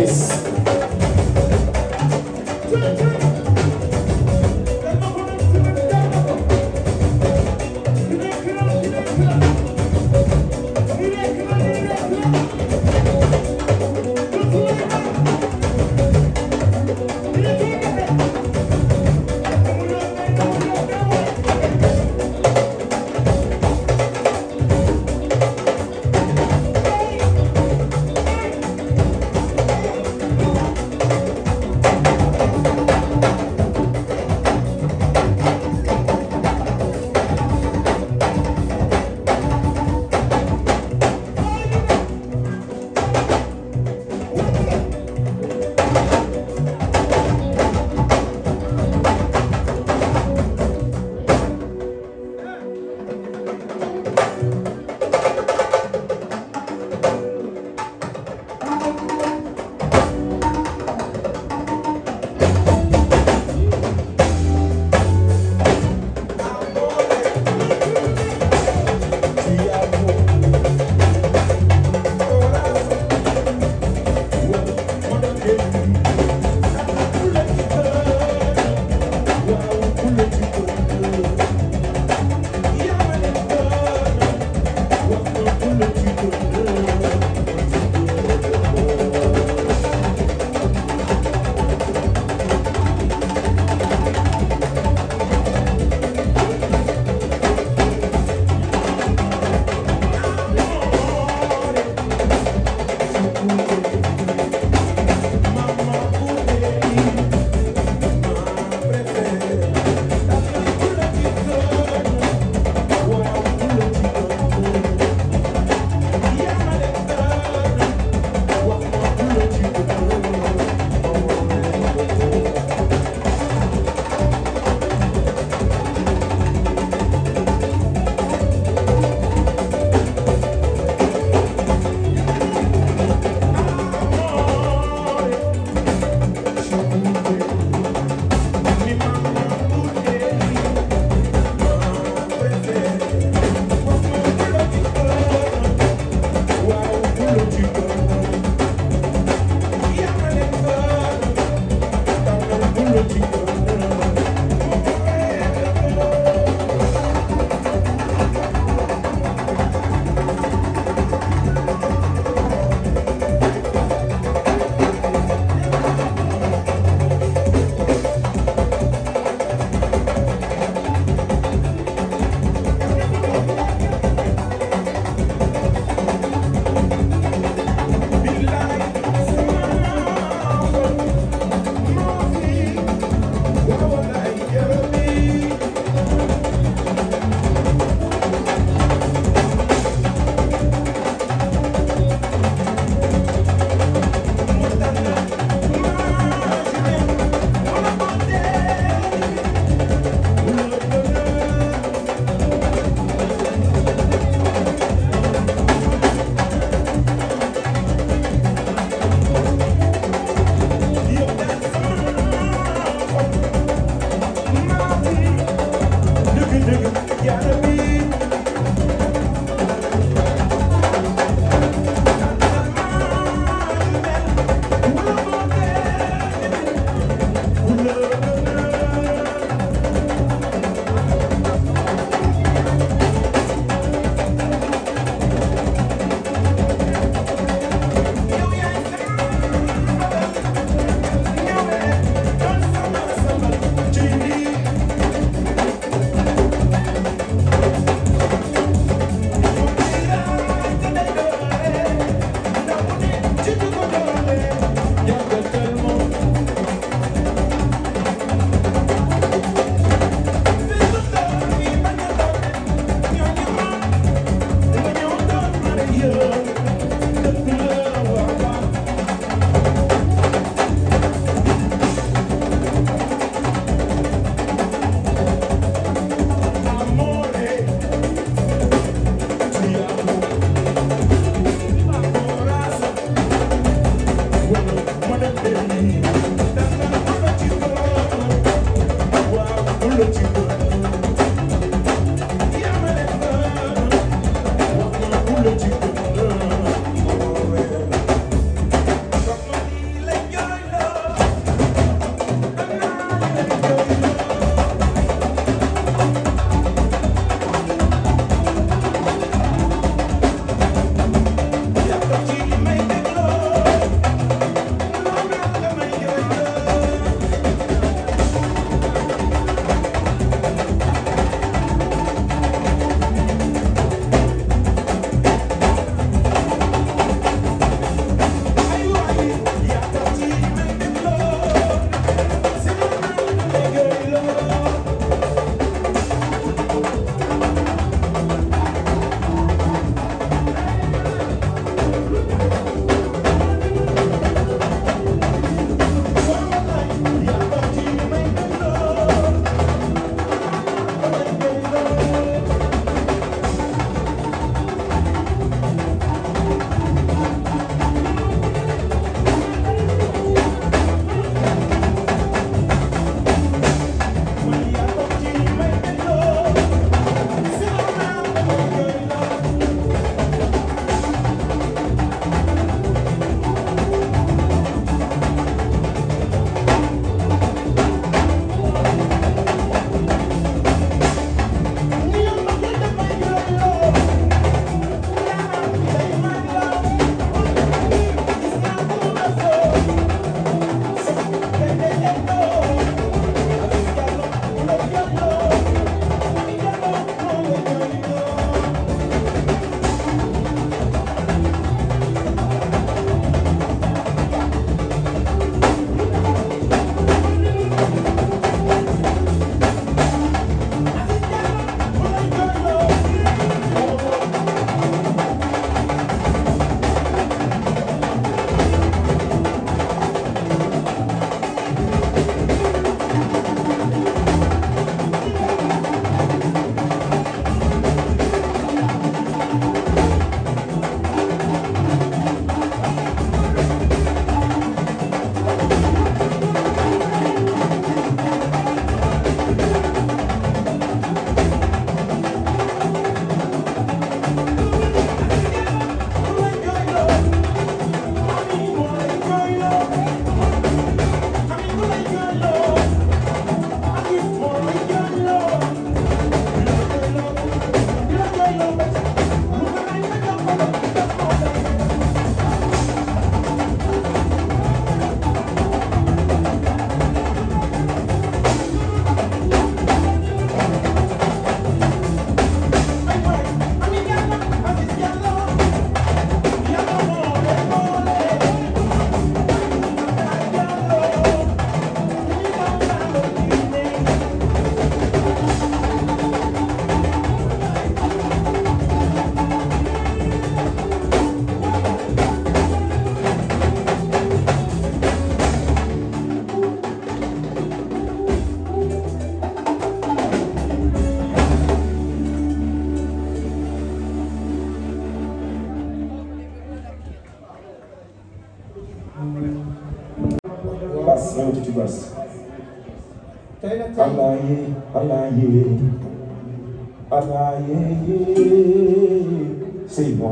gis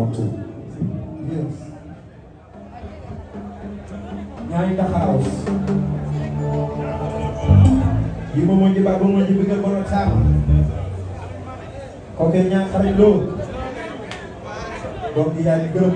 taxaw too yes ñaari taxaw yi mo mo jiba mo jibi ke borom sama ko ke ñaan xarit loo donc yaa ngi gërëm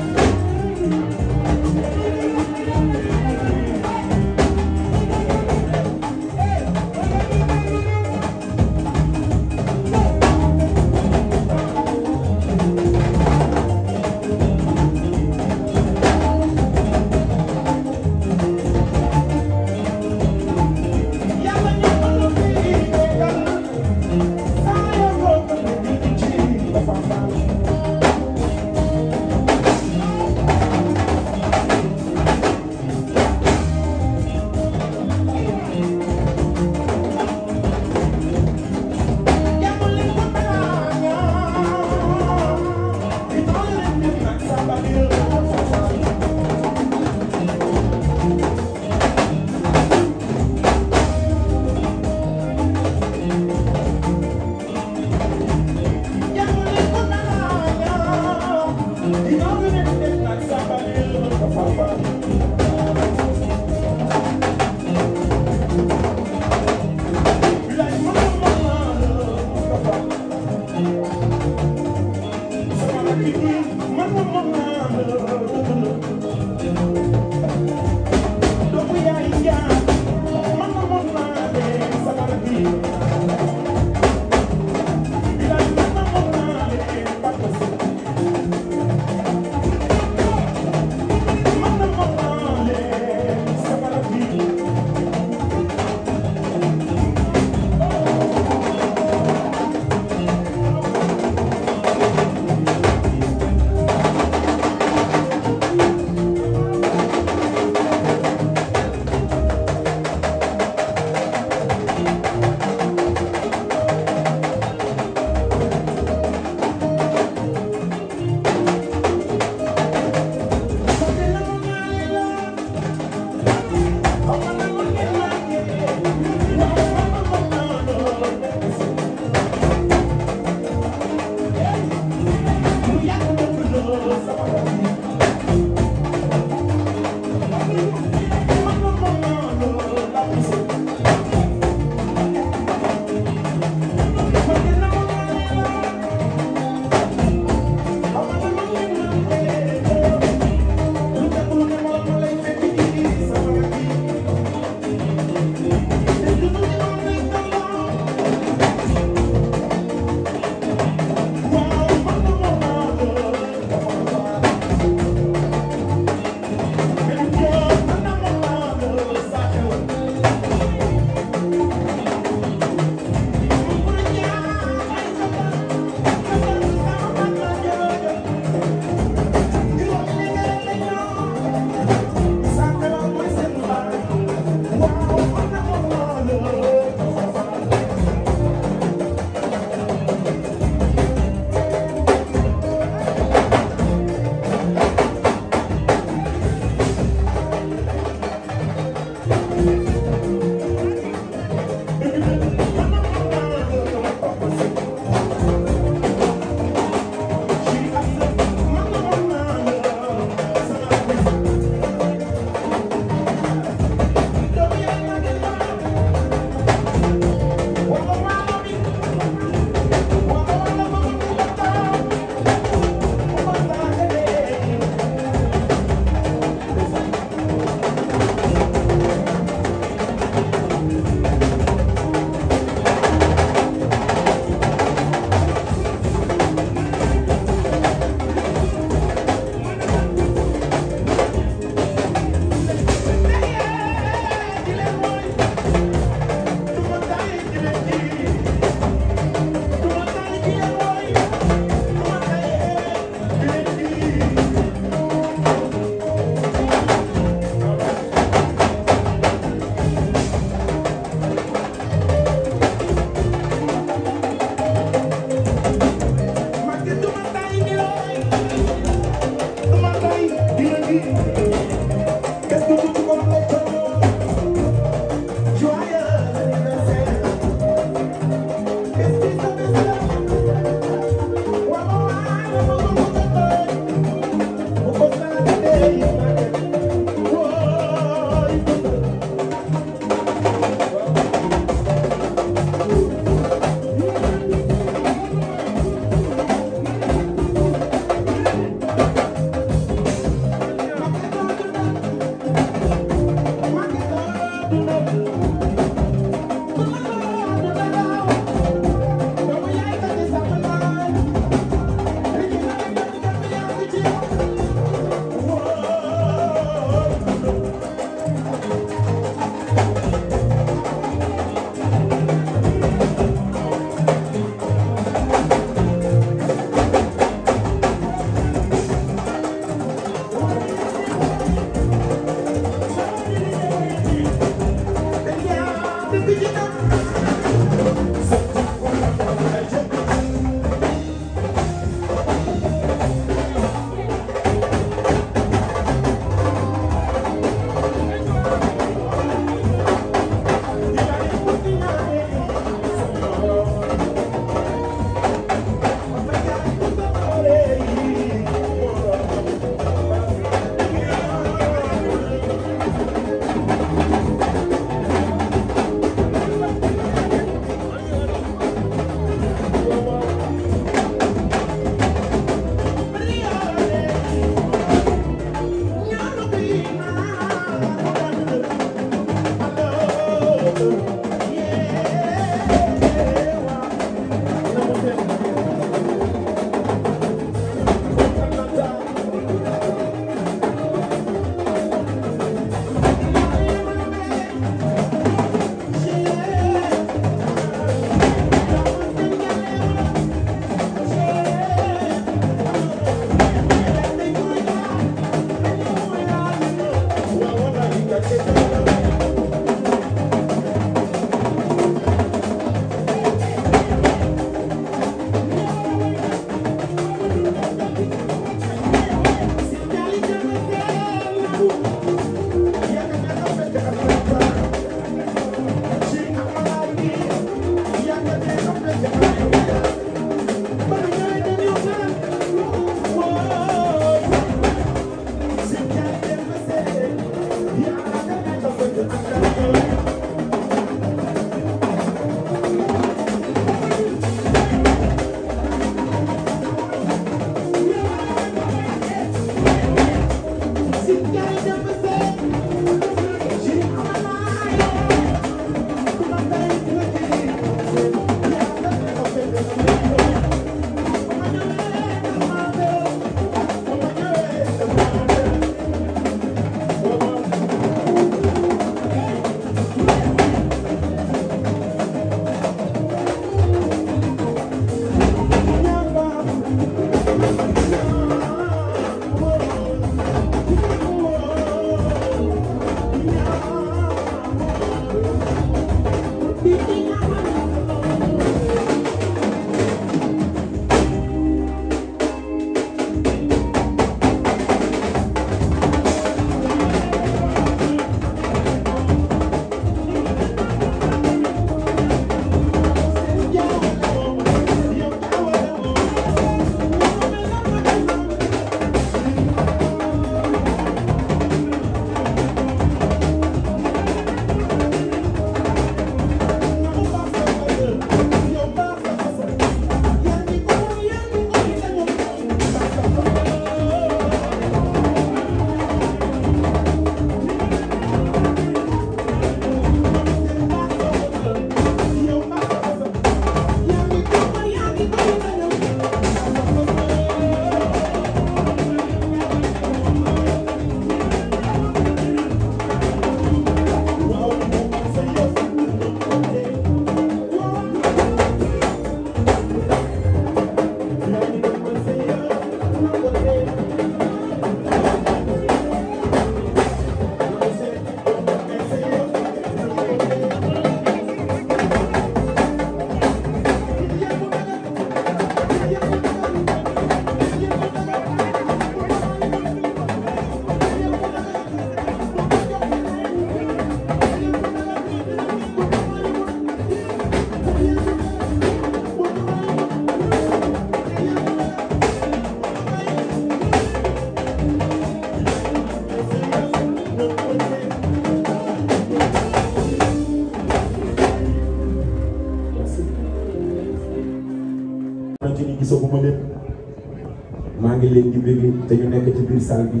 te ñu nekk ci biir salle bi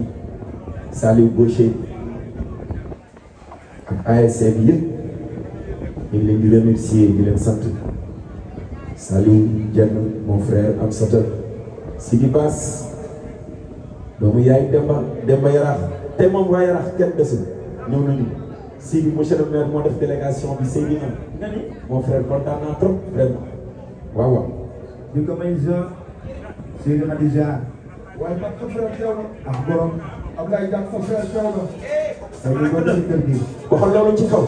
Saliou Boucher ak ASC bi yëpp ñu ngi leen di remercier di leen sant Saliou Dieng mon frère am sota Sidi Bass doomu yaay Demba Demba Yaraax te moom waa Yaraax kenn desul ñëw nañu Sidi monsieur le maire moo def délégation bi Seydi na mon frère kontaan naa trop Makka frère teew na. ah borom. Ablaye Diakhoum frère teew na. tey jii boo ci kër gi. waxal loolu ci kaw.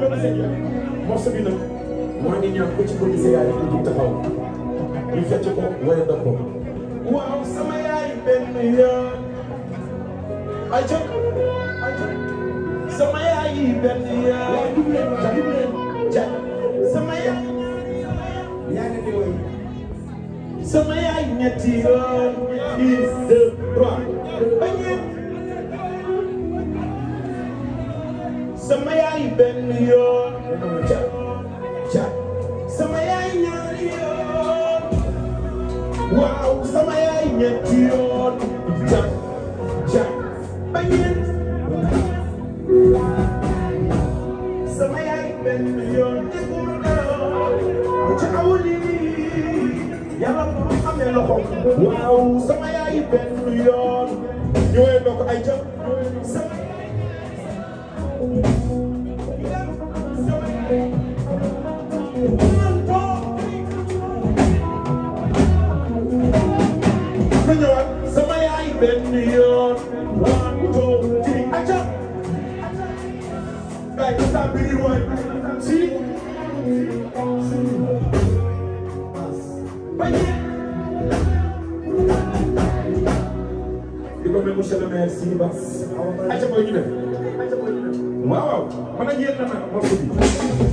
bi nag morceau bi nag maa ngi ñaan ko sama yaay benn yoon ca ca sama yaay ñaari yoon waaw sama yaay ñetti yoon ca ca ba ñeent sama yaay benn yoon nekkul dara ca awli yàlla bu ma xamee loxo sama yaay benn yoon ñëwee na ay ca stop anyone. See? But yeah. Di ko monsieur le maire si Bass. Aca boy ñu def. Waaw waaw. Mën a yéen na ma morceau bi.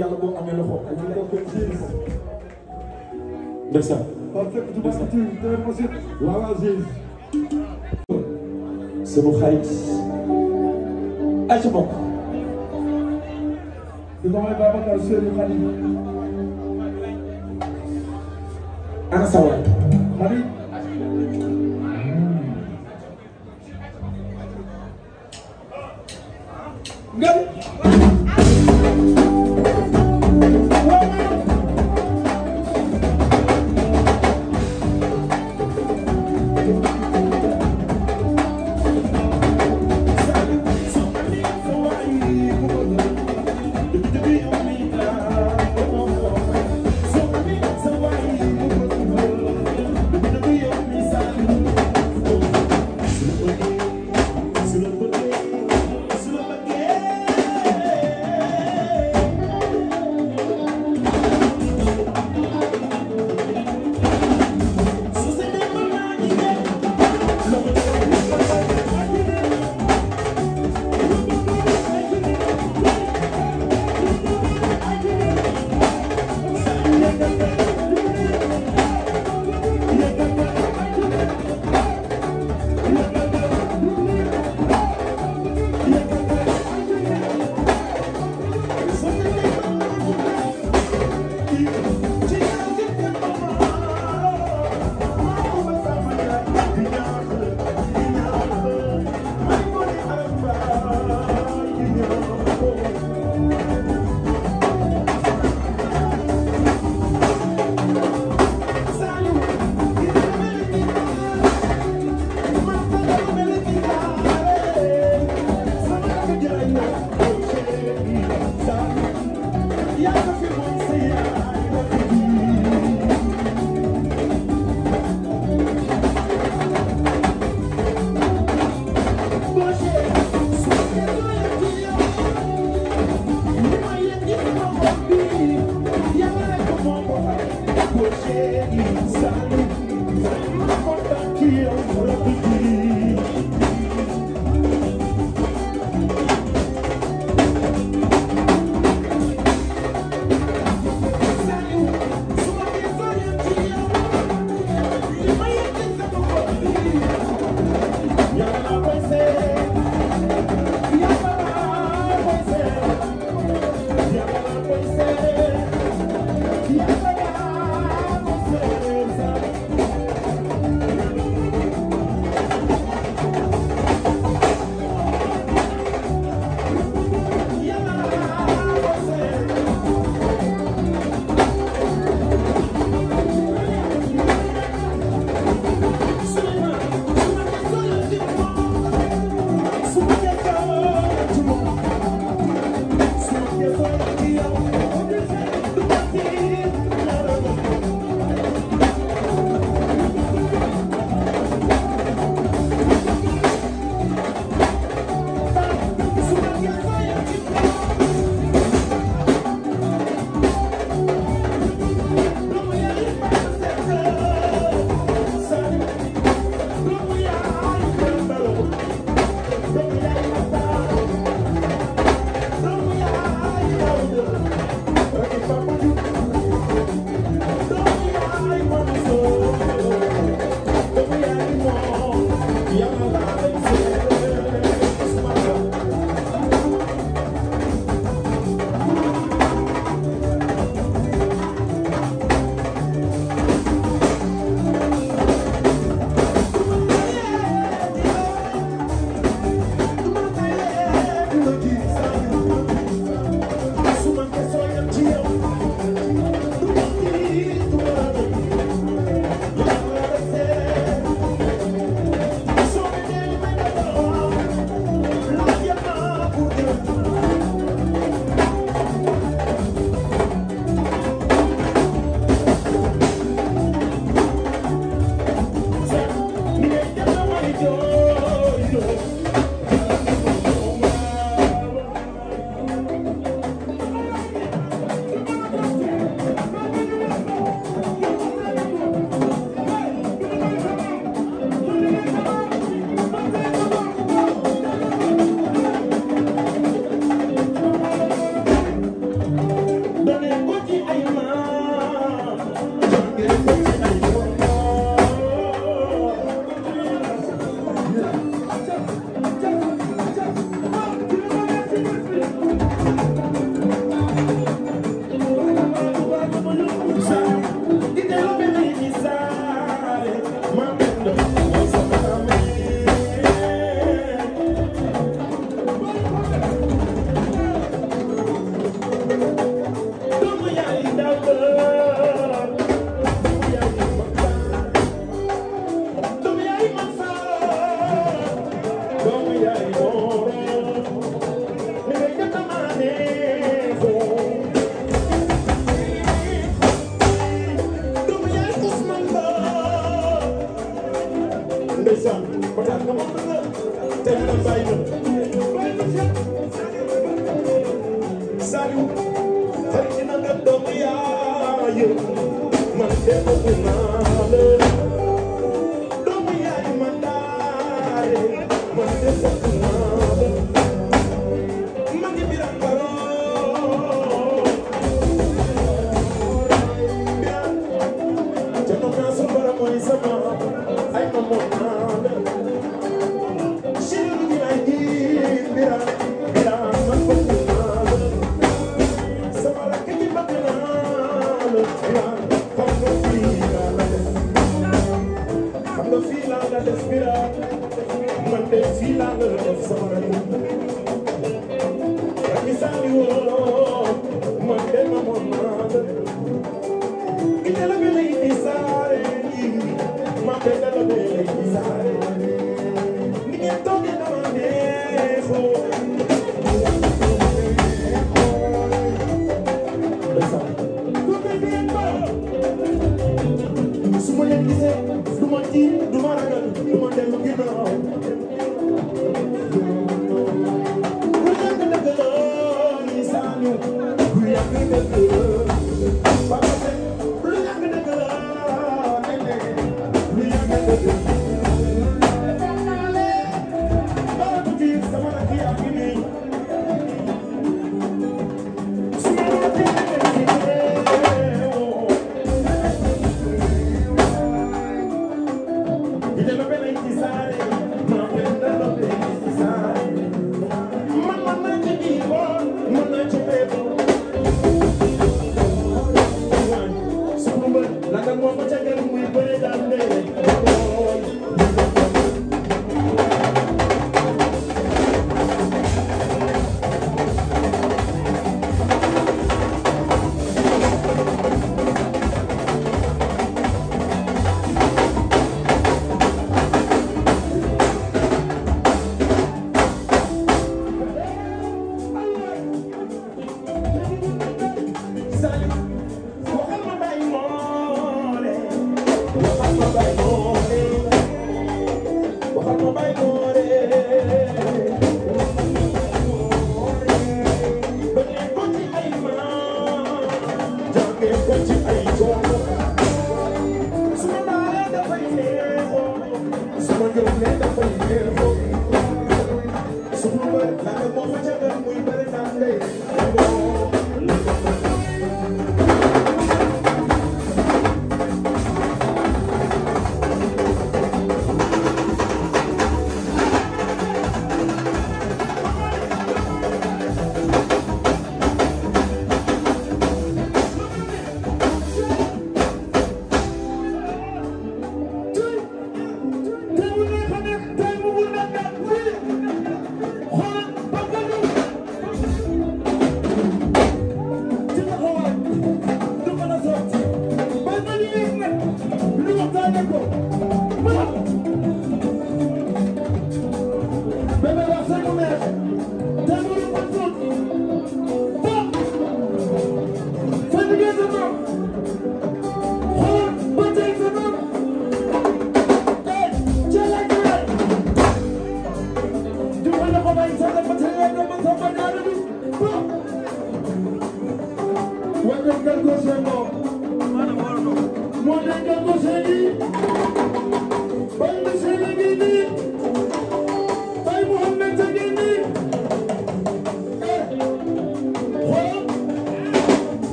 yàlla boo amee loxo ak ñi ko gis. ndeysaan. waaw Aziz. sunu xarit. ay ci bokk. di ko may Babacar Seydou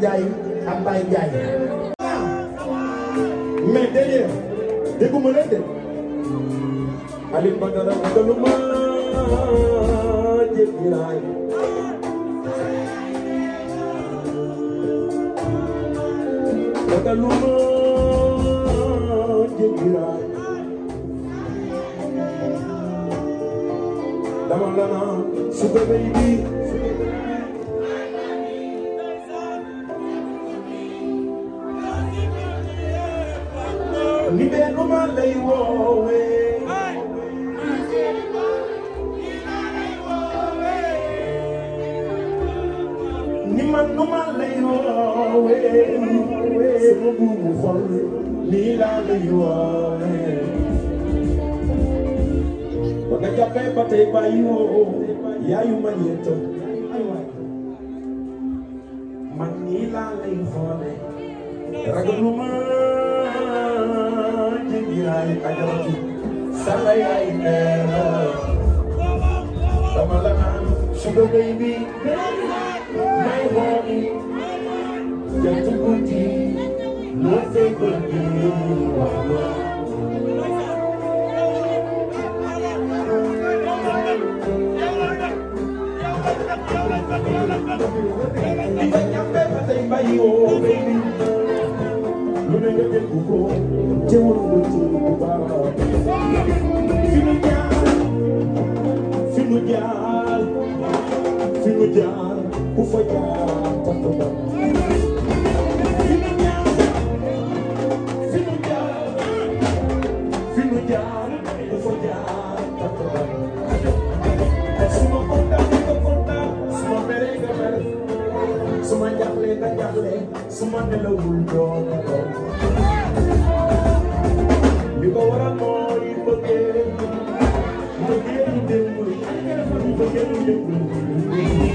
Ndiaye ak Baye Ndiaye ajaratu sama yaay nee na sama la naan suba bay bi may xooli jantu guddi loo say guddi wax ma Iba nyampe patay bayi oh baby suma jaaxle nga jaaxle suma nelawul doom Thank you.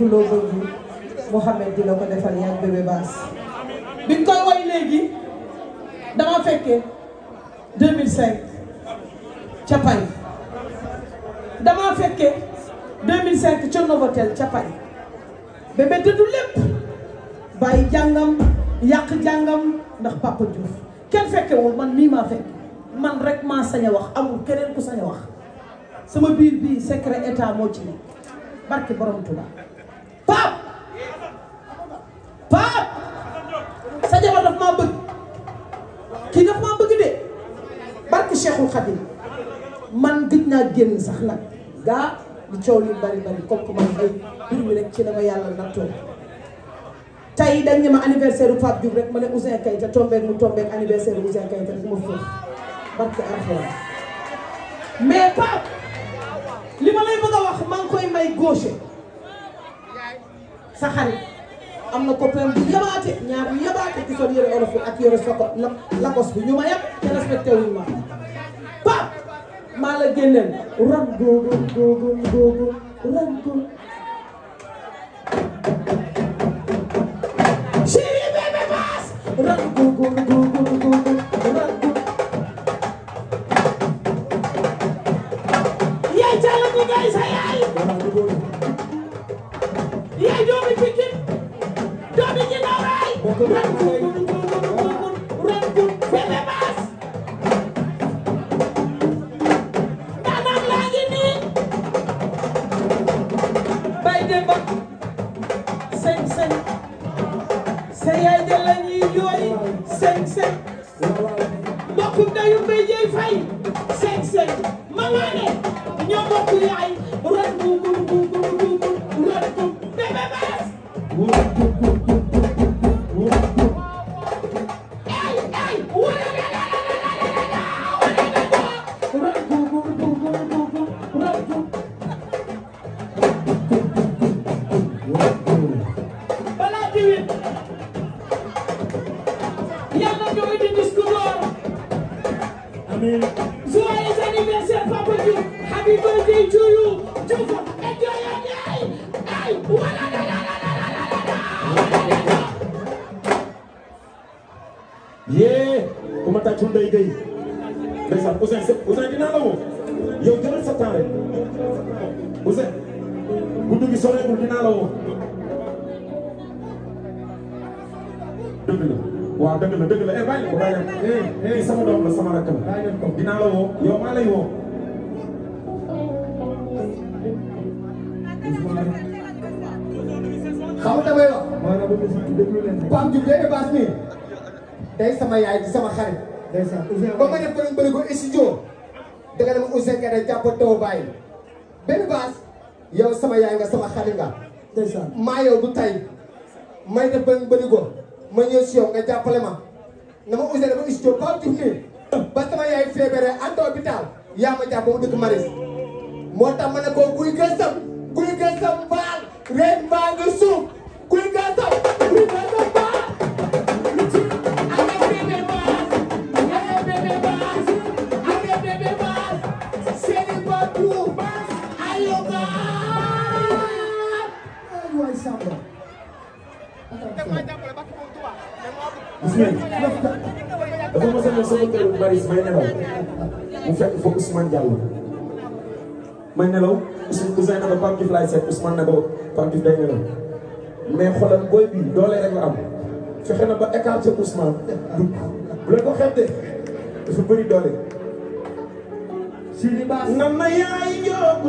fuloo ba ji Mouhamed dina ko defal yaag bébé baas biñ koy woy léegi dama fekkee 2005 ca Paris dama fekkee 2005 ca Novotel ca Paris bébé dëddu lépp bàyyi jàngam yàq jàngam ndax Papa Diouf kenn fekkewul man mii maa fekk man rek maa sañ wax amul keneen ku sañ wax sama biir bii secret état moo ci nekk barke borom Tuubaa ndax nag gaa lu coow li bari bari comme que man ay mbir mi rek ci dama yàlla nattoo tey dañ ne ma anniversaire bu Pape rek ma ne Ouzin Keita tombeek mu tombeek anniversaire bu Ouzin Keita rek ma foofu li ma lay bëgg a wax maa ngi koy may gauche sa xarit am na copain bu yabaate ñaar yabaate ci sol yëre olof yi ak yëre soko bi ñu ma yab te respecté wuñu ma maa la génneel rab googu googu rab googu chéri bébé baas rab googu googu googu rab googu yaay cala bu ngay sa yaay yaay doomi pikin doomi ñi naw yaay de la ñuy jooy cinq cinq mbokkum dayu mbay jëy fay cinq cinq ma waane ñoo bokk yaay birthday to Kuma ta tun day day. Ndeysaan Ousseyn Ousseyn dinaa woo. Yow jëlal sa temps rek. Ousseyn. Guddi gi woo. dëgg la waaw dëgg la dëgg la eh bàyyi ko bàyyi ko eh eh sama doom la sama rakk la dinaa woo yow maa lay xam nga damay wax. maanaam déglu leen. Pape Diouf day évaas nii. day sama yaay di sama xarit. day sama Ousseyn ba ma def ko bëri ko studio. da nga dem Ousseyn Kane jàpp taw bàyyi. benn baas yow sama yaay nga sama xarit nga. ndeysaan maa yow du tay may def ba bëri ko ma ñëw si yow nga jàppale ma. na ma Ousseyn dama studio Pape Diouf nii. ba sama yaay feebaree ànd hôpital. yaa ma jàpp mu dëkk Maris. moo tax ma ne ko kuy gëstam kuy gëstam baal ren baa nga suuf. may nelaw mu fekk fa Ousmane Diallo may nelaw Ousmane Ousmane na ko Pape Diouf laay seet Ousmane na ko Pape Diouf day nelaw mais xoolal booy bi doole rek la am fexe na ba écarté Ousmane du bu leen ko xeeb dafa bëri doole. Sidi Ba. na ma yaay yóbbu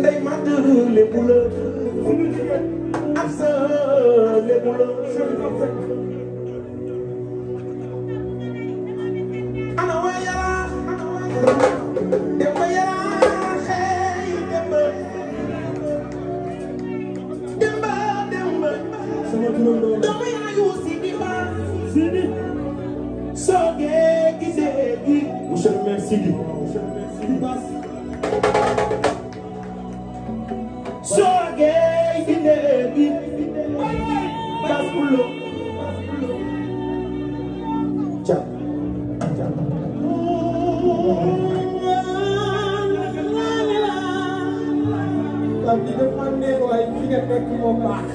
ndey màgg lébu la suñu jigéen ab sa lébu la Chérif Abdou Seck ana waa yaraax ana waa yaraax dem ba yaraax xëy dem ba dem ba dem ba sama turandoo dama yaayu si di ba si di soo gee gisee gi monsieur le maire Sidi monsieur le maire Sidi fullo jàpp jàpp kam di def man neex waaye fi nga nekk moo baax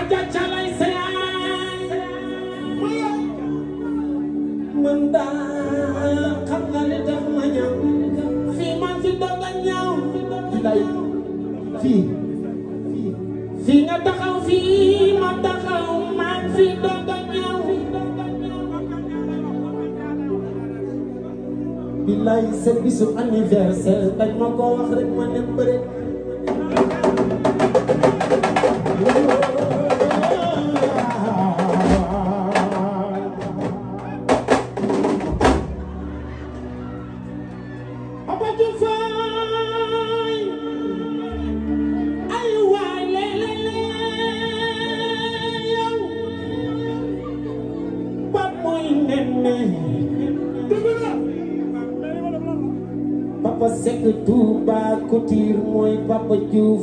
Ajacha ay seen bisu anniversaire dañ ma ko wax rek ma ne bëri baju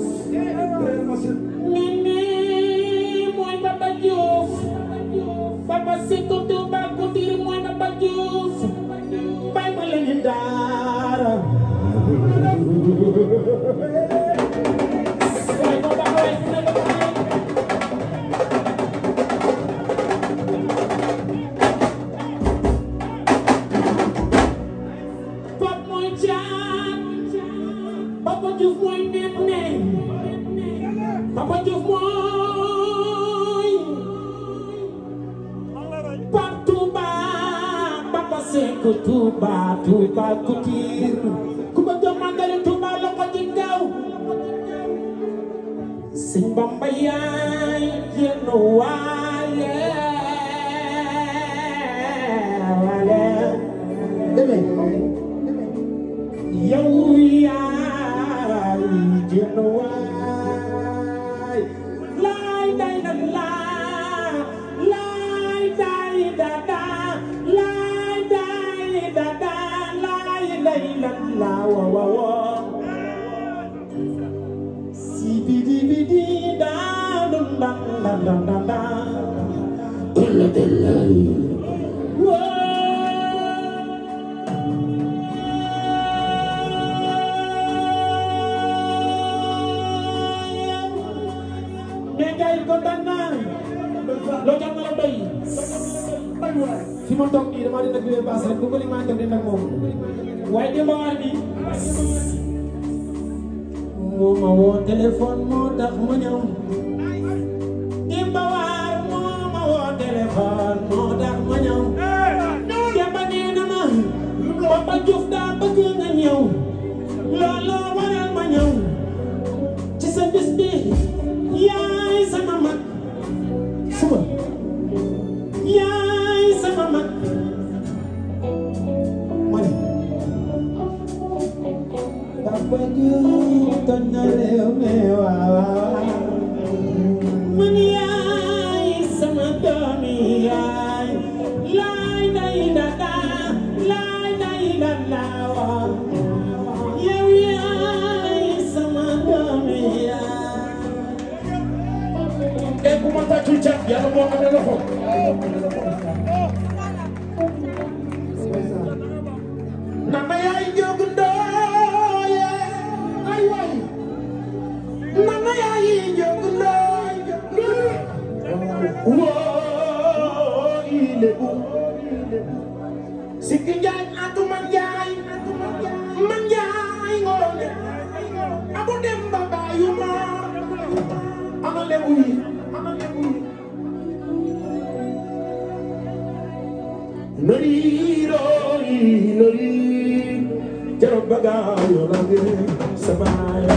Hallelujah. Nari, nari, jarabagay, olage, sabay.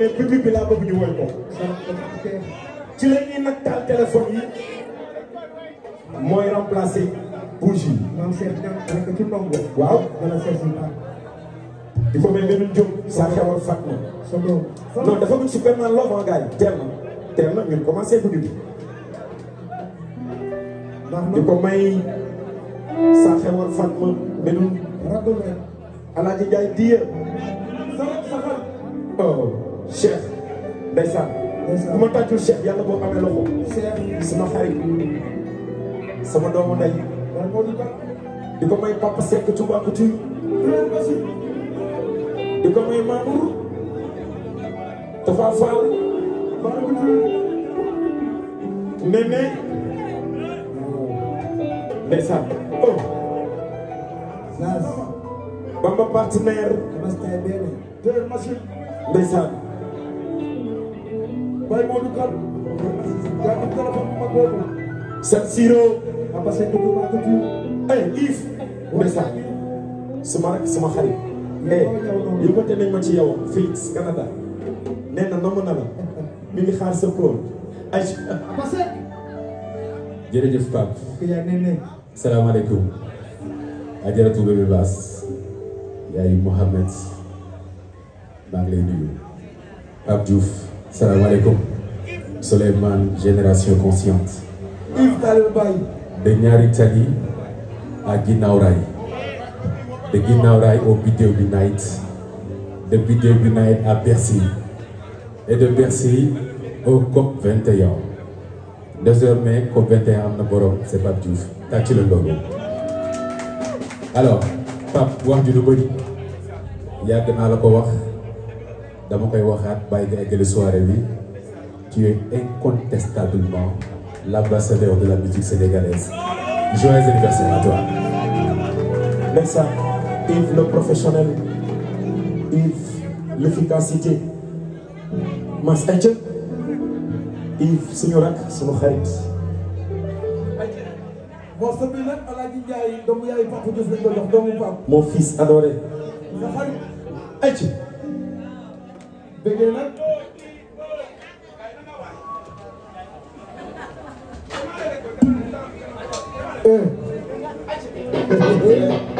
mais public bi laa bëgg ñu woy ko ci la ñuy nag taal téléphone yi mooy remplacer bougie maam seet di ko mel leneen jóg saa xewal fat na non dafa bëgg superman love en gars yi teel na teel na ñun commencé guddi bi di ko may saa xewal fat ma melum ragal Alaaji Njaay diye sa saxal bu ma tàccul Cheikh yàlla boo amee loxo. sama xarit sama doomu ndey. di ko may Papa Seck Touba Couture. di ko may Mamour. Tafa Fall. Nene. ndeysaan. oh. Bamba partenaire. ndeysaan. Baye Modou Kane jàpp téléphone bu mag boobu. Sat Siro. Papa Seck Touba Couture. eh Yves. ndeysaan sama rek eh, ma ci yow Félix Canada. nee na namm na la. mi ngi xaar sa kóor. ay. Papa Seck. jërëjëf Pape. yaa ngi ne. salaamaaleykum. ajaratu bébé Baas. yaayu Mouhamed. maa ngi lay nuyu. Pape salaamaaleykum Souleymane génération consciente de ñaari tali à ginnaaw raay de ginnaaw raay au Bidew bi night de Bidew bi night à Bercy au COP 21 COP am na borom c'est Pape Diouf tàcc la loolu alors Pape wax ju bëri yàgg naa la ko wax dama koy waxaat bàyyi nga eggale soirée bi tu es incontestablement l'ambassadeur de la musique sénégalaise joyeux anniversaire à toi. ndeysaan Yves le professionnel Yves l'efficacité mas ay jël Yves suñu rak suñu xarit. bon fils adoré. bëggee nag eh.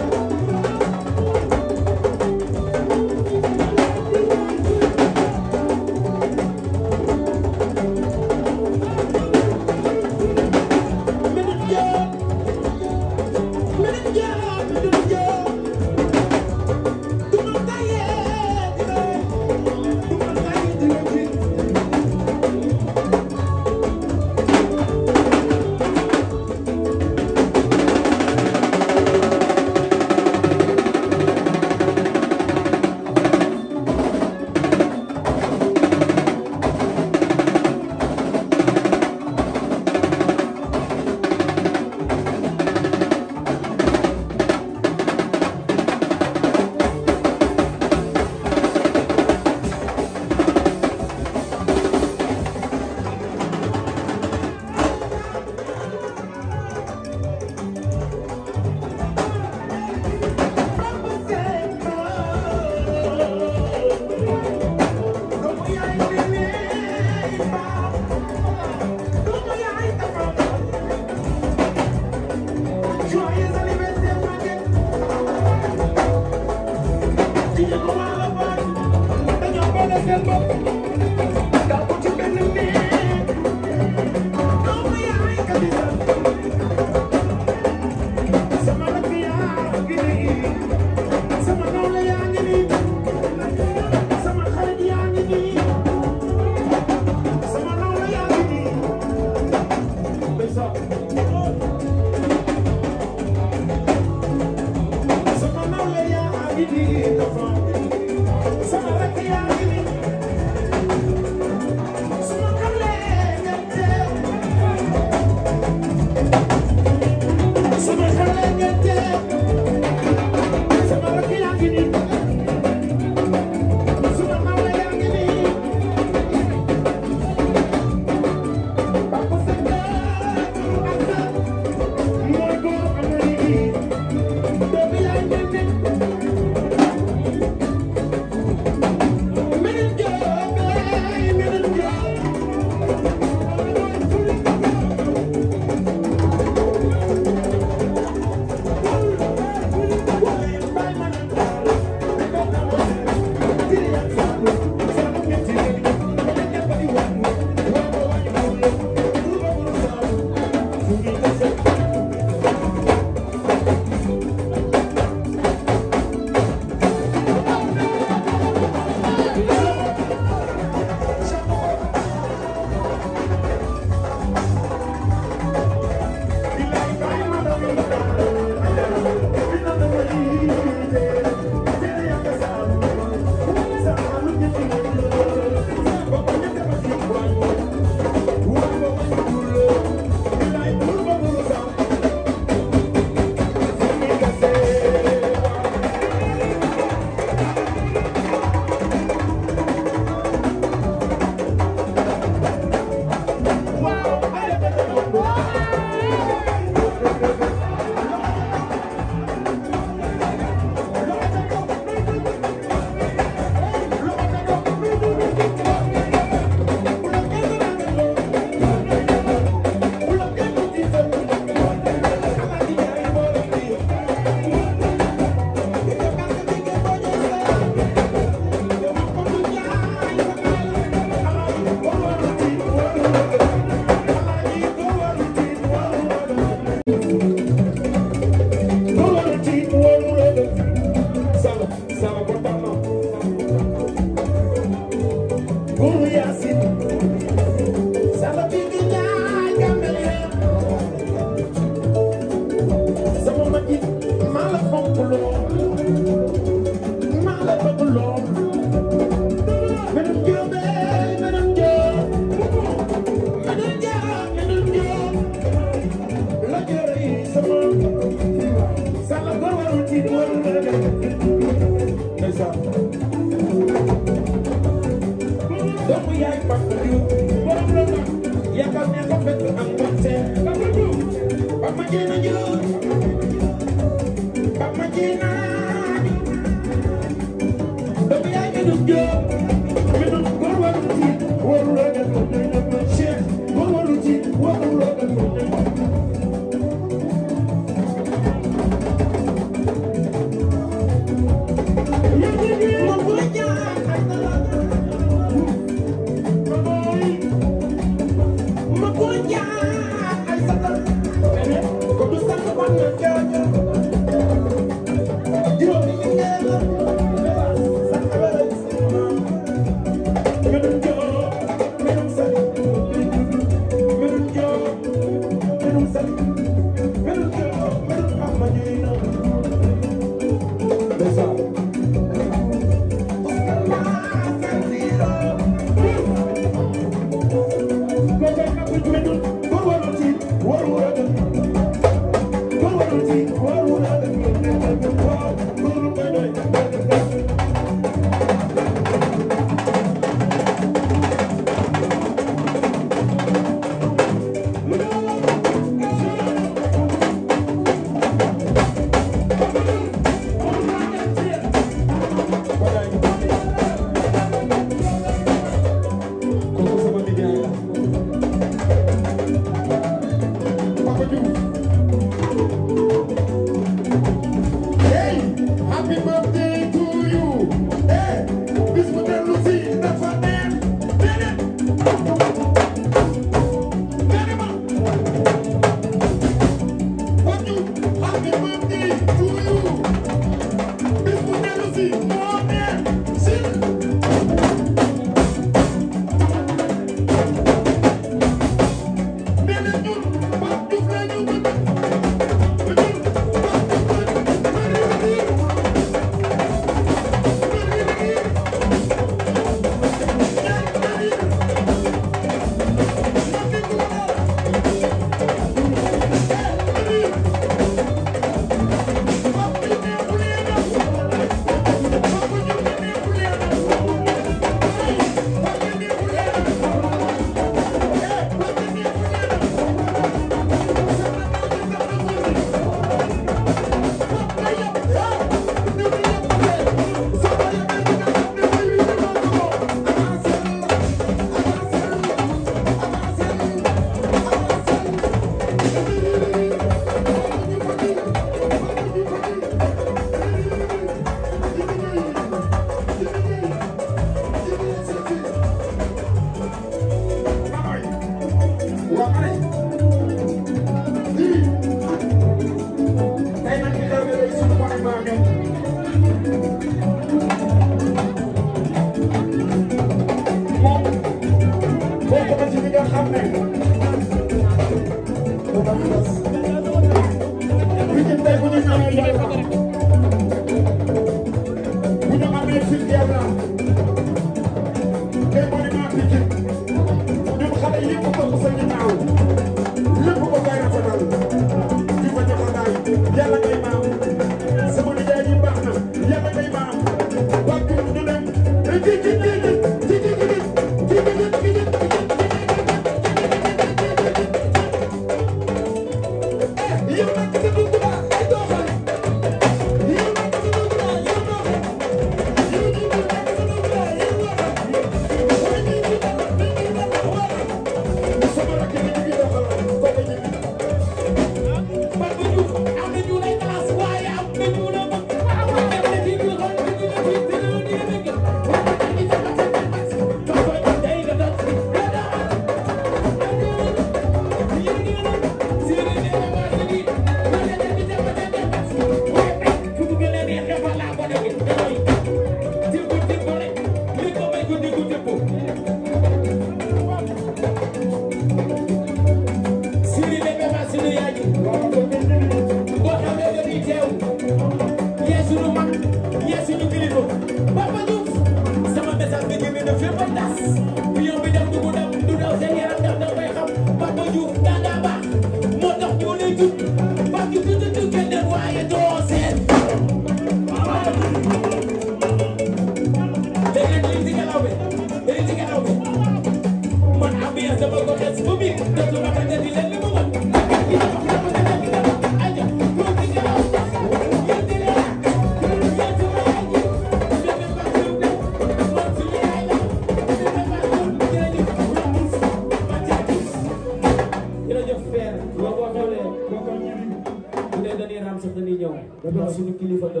dañoo suñu kilifa la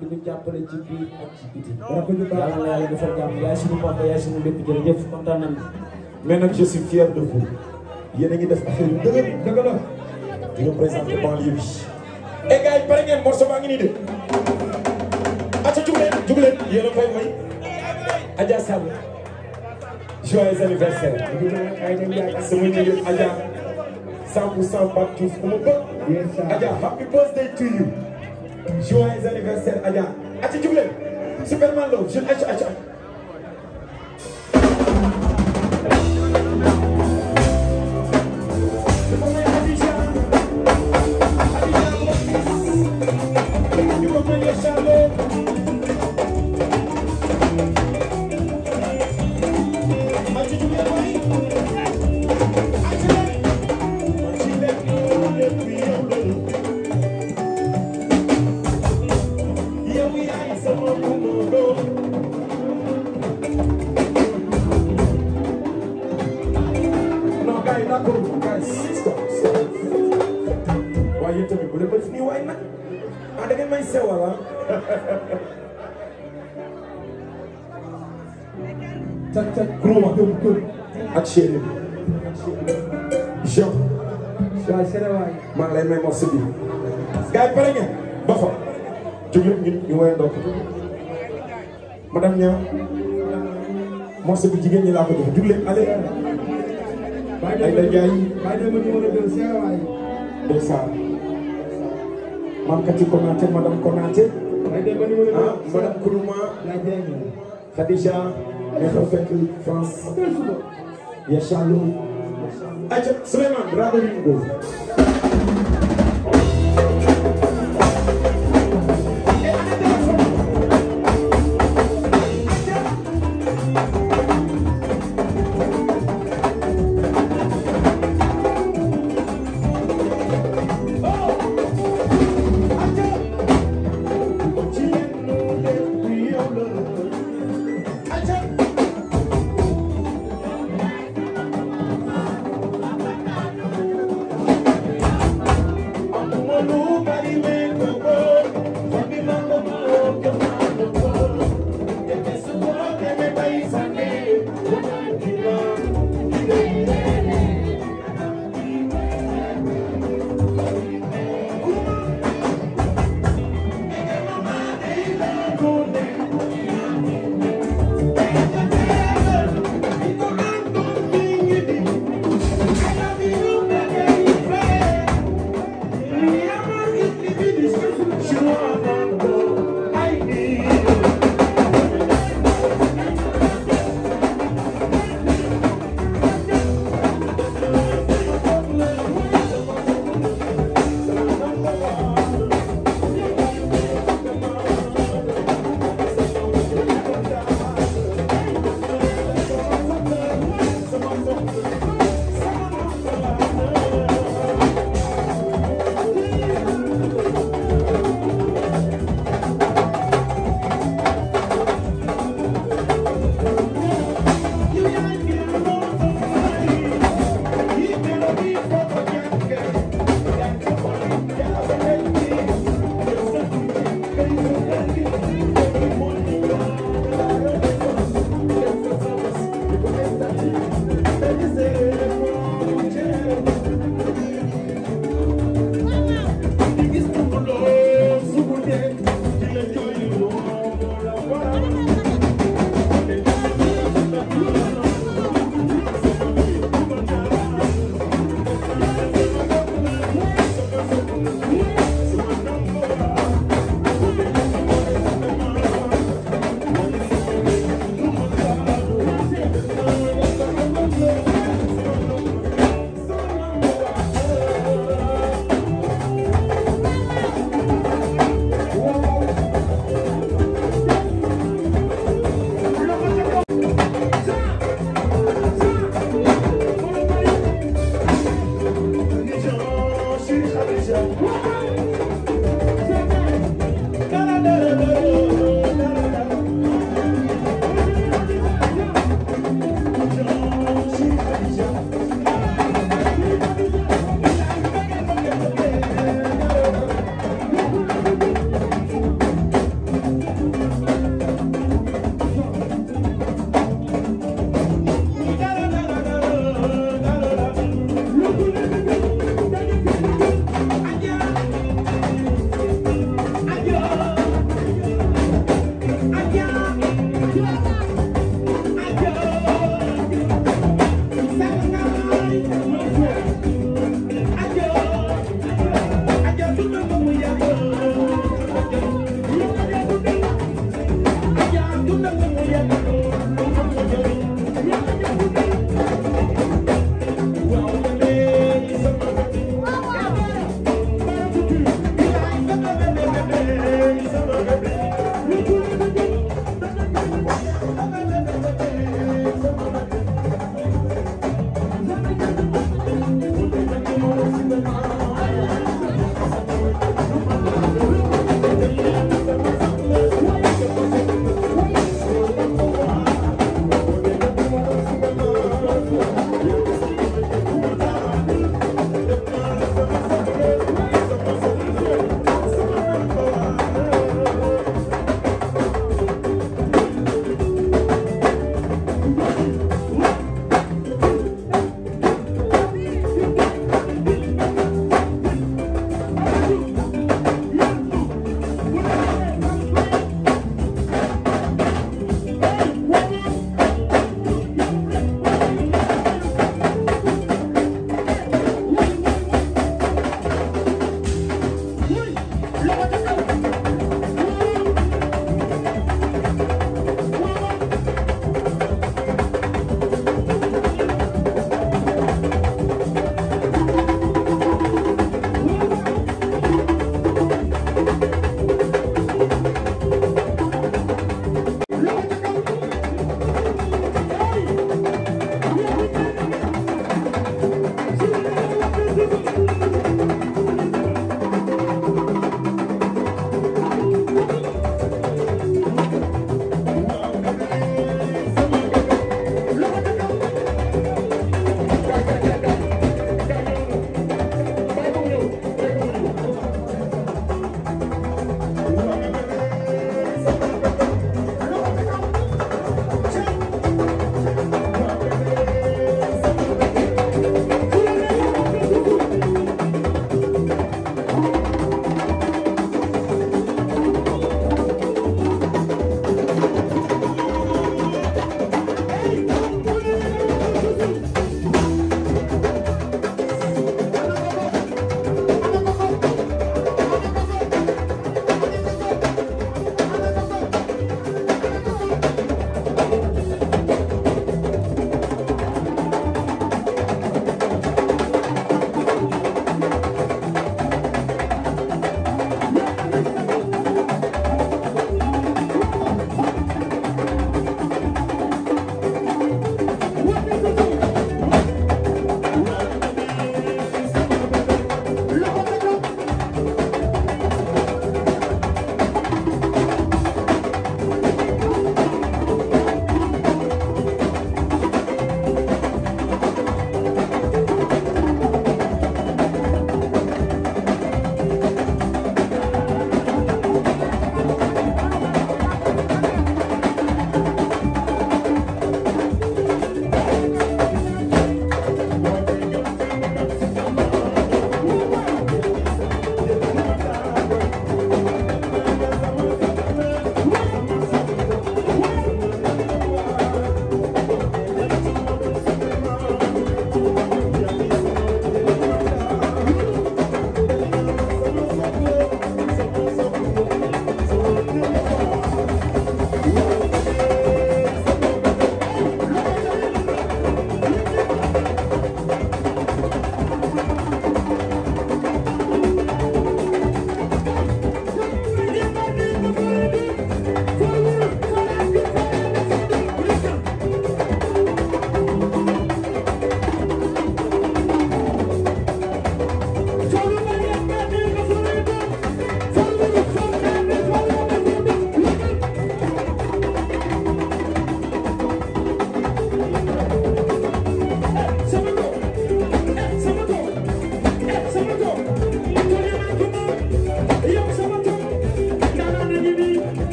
di ñu jàppale ci biir ak ci biti. yàlla na yàlla defal jàmm yaay suñu papa yaay suñu lépp jërëjëf kontaan nañu. mais nag je suis fier de vous yéen a ngi def affaire yu dëgër dëgg la di représenté banlieue bi. et eh, gars yi pare ngeen morceau baa ngi nii de. ati jug leen jug leen yéen a koy may. Adja Sall. joyeux anniversaire. sama njëriñ Adja. 100 pour 100 Pape Diouf ku ma bëgg. Adja happy birthday to you. anniversaire Adja. ati jug leen Superman Lo jeune ati ati ati. marché bi jigéen ñi laa ko jox jugleen ale ay da jaay ndeysaan maam kati Konaté madame Konaté ah madame Kourouma Khadija neexa fekk France Yachalou aca Souleymane rago wiin